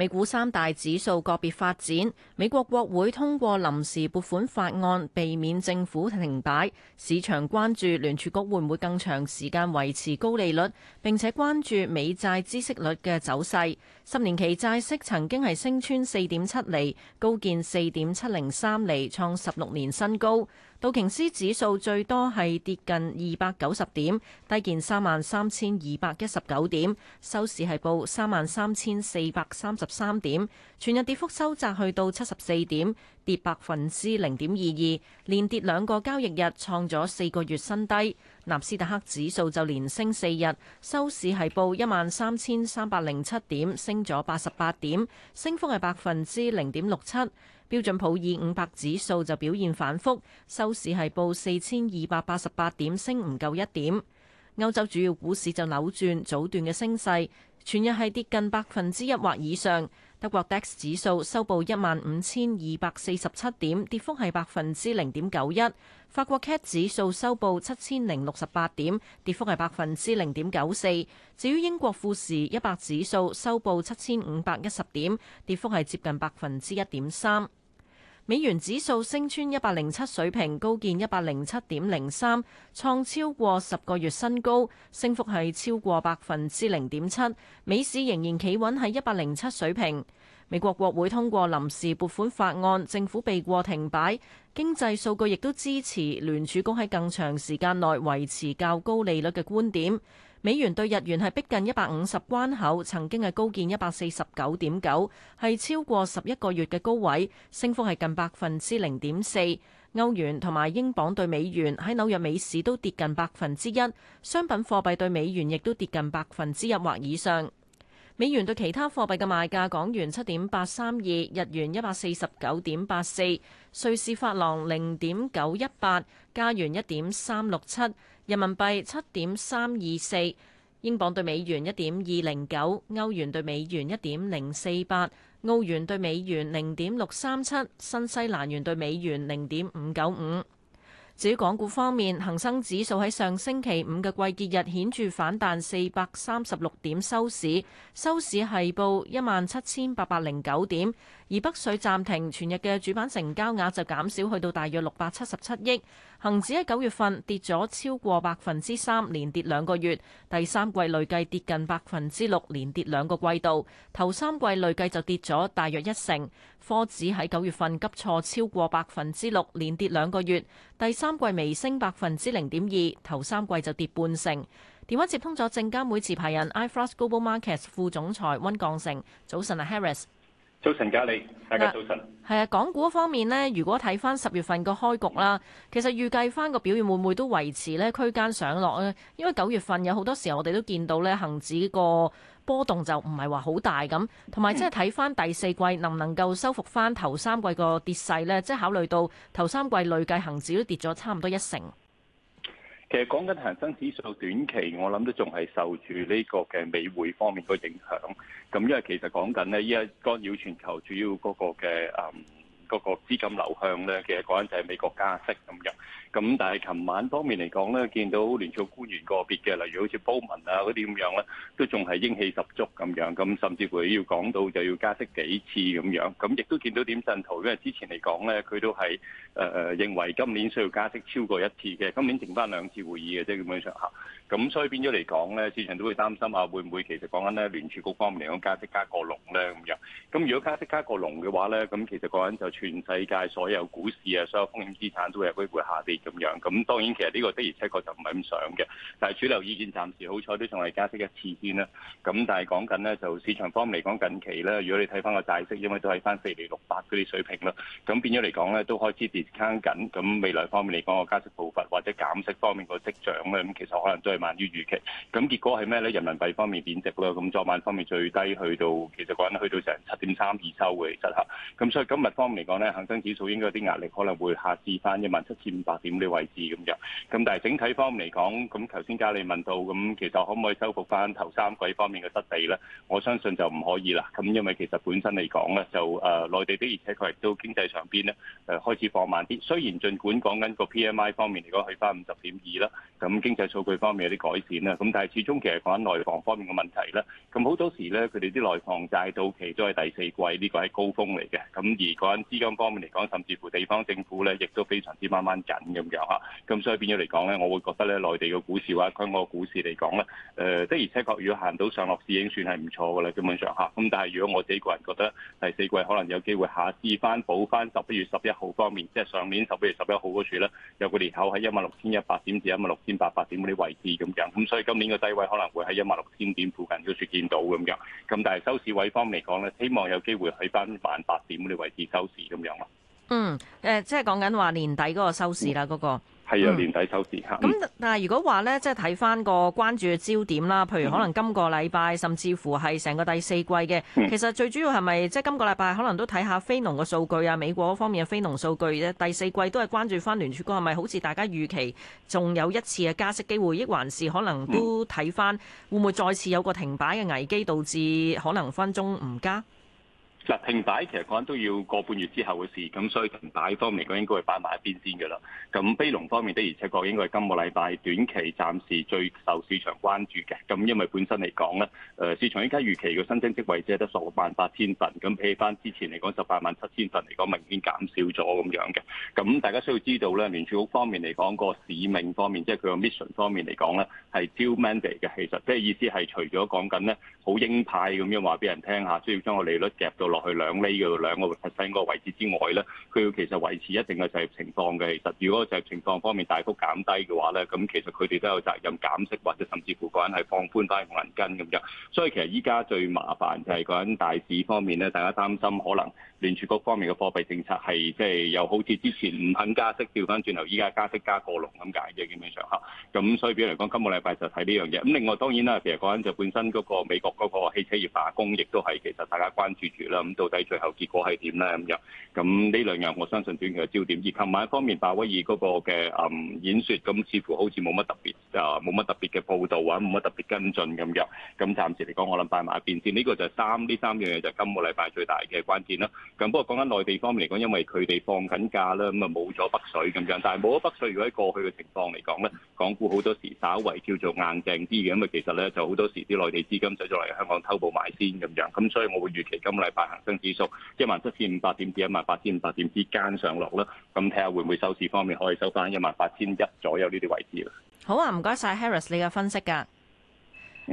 美股三大指數個別發展，美國國會通過臨時撥款法案，避免政府停擺。市場關注聯儲局會唔會更長時間維持高利率，並且關注美債孳息率嘅走勢。十年期債息曾經係升穿四點七厘，高見四點七零三厘，創十六年新高。道瓊斯指數最多係跌近二百九十點，低見三萬三千二百一十九點，收市係報三萬三千四百三十三點，全日跌幅收窄去到七十四點，跌百分之零點二二，連跌兩個交易日，創咗四個月新低。納斯達克指數就連升四日，收市係報一萬三千三百零七點，升咗八十八點，升幅係百分之零點六七。標準普爾五百指數就表現反覆，收市係報四千二百八十八點，升唔夠一點。歐洲主要股市就扭轉早段嘅升勢。全日係跌近百分之一或以上。德國 DAX 指數收報一萬五千二百四十七點，跌幅係百分之零點九一。法國 CAC 指數收報七千零六十八點，跌幅係百分之零點九四。至於英國富時一百指數收報七千五百一十點，跌幅係接近百分之一點三。美元指數升穿一百零七水平，高見一百零七點零三，創超過十個月新高，升幅係超過百分之零點七。美市仍然企穩喺一百零七水平。美國國會通過臨時撥款法案，政府避過停擺，經濟數據亦都支持聯儲局喺更長時間內維持較高利率嘅觀點。美元兌日元係逼近一百五十關口，曾經係高見一百四十九點九，係超過十一個月嘅高位，升幅係近百分之零點四。歐元同埋英鎊兌美元喺紐約美市都跌近百分之一，商品貨幣兌美元亦都跌近百分之一或以上。美元對其他貨幣嘅賣價：港元七點八三二，日元一百四十九點八四，瑞士法郎零點九一八，加元一點三六七，人民幣七點三二四，英鎊對美元一點二零九，歐元對美元一點零四八，澳元對美元零點六三七，新西蘭元對美元零點五九五。至於港股方面，恒生指數喺上星期五嘅季結日顯著反彈四百三十六點，收市，收市係報一萬七千八百零九點。而北水暫停，全日嘅主板成交額就減少去到大約六百七十七億。恒指喺九月份跌咗超過百分之三，連跌兩個月；第三季累計跌近百分之六，連跌兩個季度。頭三季累計就跌咗大約一成。科指喺九月份急挫超過百分之六，連跌兩個月；第三季微升百分之零點二，頭三季就跌半成。電話接通咗證監會持牌人 i Frost Global Markets 副總裁温鋼成，早晨啊，Harris。早晨，嘉利，大家早晨。係啊，港股方面咧，如果睇翻十月份個開局啦，其實預計翻個表現會唔會都維持呢區間上落咧？因為九月份有好多時候我哋都見到呢，恒指個波動就唔係話好大咁，同埋即係睇翻第四季能唔能夠收復翻頭三季個跌勢呢？即係考慮到頭三季累計恒指都跌咗差唔多一成。其實講緊恒生指數短期，我諗都仲係受住呢個嘅美匯方面個影響。咁因為其實講緊咧，依家干擾全球主要嗰個嘅誒。嗯個個資金流向咧，其實講緊就係美國加息咁樣。咁但係琴晚方面嚟講咧，見到聯儲官員個別嘅，例如好似鮑文啊嗰啲咁樣咧，都仲係英氣十足咁樣。咁甚至乎要講到就要加息幾次咁樣。咁亦都見到點陣圖，因為之前嚟講咧，佢都係誒誒認為今年需要加息超過一次嘅。今年剩翻兩次會議嘅啫咁樣上下。咁所以變咗嚟講咧，市場都會擔心啊，會唔會其實講緊咧聯儲局方面嚟講加息加過龍咧咁樣？咁如果加息加過龍嘅話咧，咁其實講緊就。全世界所有股市啊，所有風險資產都會有機會下跌咁樣。咁當然其實呢個的而且確就唔係咁想嘅，但係主流意見暫時好彩都仲係加息一次先啦。咁但係講緊呢，就市場方面嚟講，近期咧如果你睇翻個債息，因為都喺翻四厘六八嗰啲水平啦。咁變咗嚟講咧都開始 discount 緊。咁未來方面嚟講個加息步伐或者減息方面個跡象咧，咁其實可能都係慢於預期。咁結果係咩咧？人民幣方面貶值咯。咁昨晚方面最低去到，其實講緊去到成七點三二收嘅，其實嚇。咁所以今日方面講咧，恆生指數應該有啲壓力，可能會下至翻一萬七千五百點呢個位置咁樣。咁但係整體方面嚟講，咁頭先嘉利問到咁，其實可唔可以收復翻頭三季方面嘅失地咧？我相信就唔可以啦。咁因為其實本身嚟講咧，就誒、呃、內地的，而且確亦都經濟上邊咧誒開始放慢啲。雖然儘管講緊個 P M I 方面嚟講，去翻五十點二啦，咁經濟數據方面有啲改善啦。咁但係始終其實講緊內房方面嘅問題啦。咁好多時咧，佢哋啲內房債到期都係第四季呢、呢個係高峰嚟嘅。咁而講。資金方面嚟講，甚至乎地方政府咧，亦都非常之掹掹緊咁樣嚇。咁所以變咗嚟講咧，我會覺得咧，內地嘅股市或者香港嘅股市嚟講咧，誒的而且確，如果行到上落市已經算係唔錯嘅啦，基本上嚇。咁但係如果我自己個人覺得，第四季可能有機會下試翻補翻十一月十一號方面，即係上年十一月十一號嗰處咧，有個裂口喺一萬六千一百點至一萬六千八百點嗰啲位置咁樣。咁所以今年嘅低位可能會喺一萬六千點附近嗰處見到咁樣。咁但係收市位方面嚟講咧，希望有機會喺翻萬八點嗰啲位置收咁樣咯，嗯，誒、呃，即係講緊話年底嗰個收市啦，嗰、嗯那個係啊，年底收市嚇。咁、嗯、但係如果話咧，即係睇翻個關注嘅焦點啦，譬如可能今個禮拜，嗯、甚至乎係成個第四季嘅，嗯、其實最主要係咪即係今個禮拜可能都睇下非農嘅數據啊，美國方面嘅非農數據。第四季都係關注翻聯儲局係咪好似大家預期，仲有一次嘅加息機會，抑還是可能都睇翻會唔會再次有個停擺嘅危機，導致可能分鐘唔加？嗱，停擺其實講都要個半月之後嘅事，咁所以停擺方面嚟講應該係擺埋一邊先㗎啦。咁非農方面，的而且確應該係今個禮拜短期暫時最受市場關注嘅。咁因為本身嚟講咧，誒市場依家預期個新增職位只係得十數萬八千份，咁比起翻之前嚟講十八萬七千份嚟講明顯減少咗咁樣嘅。咁大家需要知道咧，聯儲局方面嚟講個使命方面，即係佢個 mission 方面嚟講咧，係 dual mandate 嘅。其實即係意思係除咗講緊咧好鷹派咁樣話俾人聽下，需要將個利率夾到，落去兩釐嘅兩個 percent 嗰個位置之外咧，佢要其實維持一定嘅就業情況嘅。其實，如果就業情況方面大幅減低嘅話咧，咁其實佢哋都有責任減息，或者甚至乎個人係放寬翻銀根咁樣。所以其實依家最麻煩就係講緊大市方面咧，大家擔心可能。聯儲局方面嘅貨幣政策係即係又好似之前唔肯加息，調翻轉頭依家加息加過龍咁解嘅基本上嚇，咁所以比如嚟講，今個禮拜就睇呢樣嘢。咁另外當然啦，其實講緊就本身嗰個美國嗰個汽車業罷工亦都係其實大家關注住啦。咁到底最後結果係點咧？咁樣咁呢兩樣我相信短期嘅焦點。以及埋一方面，鮑威爾嗰個嘅誒演説，咁似乎好似冇乜特別啊，冇乜特別嘅報道或者冇乜特別跟進咁樣。咁暫時嚟講，我諗擺埋一邊先呢個就三呢三樣嘢就今個禮拜最大嘅關鍵啦。咁不過講緊內地方面嚟講，因為佢哋放緊假啦，咁啊冇咗北水咁樣，但係冇咗北水，如果喺過去嘅情況嚟講咧，港股好多時稍為叫做硬淨啲嘅，咁啊其實咧就好多時啲內地資金想再嚟香港偷步買先咁樣。咁所以我會預期今個禮拜恆生指數一萬七千五百點至一萬八千五百點之間上落啦。咁睇下會唔會收市方面可以收翻一萬八千一左右呢啲位置啦。好啊，唔該晒 Harris 你嘅分析㗎。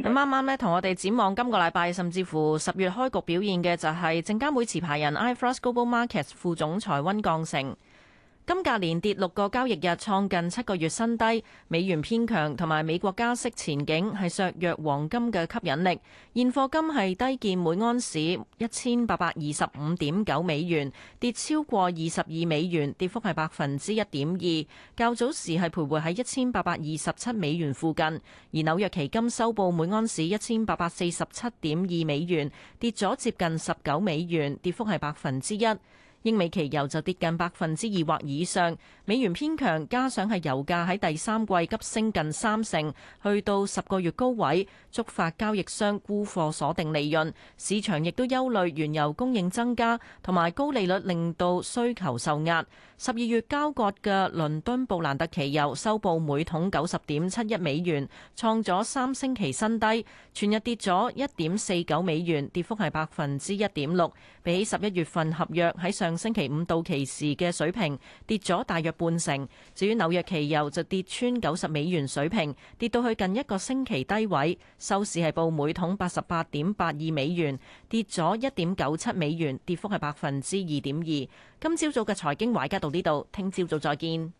咁啱啱咧，同我哋展望今個禮拜，甚至乎十月開局表現嘅就係證監會持牌人 iFAST Global Markets 副總裁溫鋼城。金價連跌六個交易日，創近七個月新低。美元偏強同埋美國加息前景係削弱黃金嘅吸引力。現貨金係低見每盎司一千八百二十五點九美元，跌超過二十二美元，跌幅係百分之一點二。較早時係徘徊喺一千八百二十七美元附近。而紐約期金收報每盎司一千八百四十七點二美元，跌咗接近十九美元，跌幅係百分之一。英美期油就跌近百分之二或以上，美元偏強，加上係油價喺第三季急升近三成，去到十個月高位，觸發交易商沽貨鎖定利潤。市場亦都憂慮原油供應增加同埋高利率令到需求受壓。十二月交割嘅倫敦布蘭特期油收報每桶九十點七一美元，創咗三星期新低，全日跌咗一點四九美元，跌幅係百分之一點六。比起十一月份合約喺上星期五到期時嘅水平跌咗大約半成，至於紐約期油就跌穿九十美元水平，跌到去近一個星期低位，收市係報每桶八十八點八二美元，跌咗一點九七美元，跌幅係百分之二點二。今朝早嘅財經華爾街到呢度，聽朝早再見。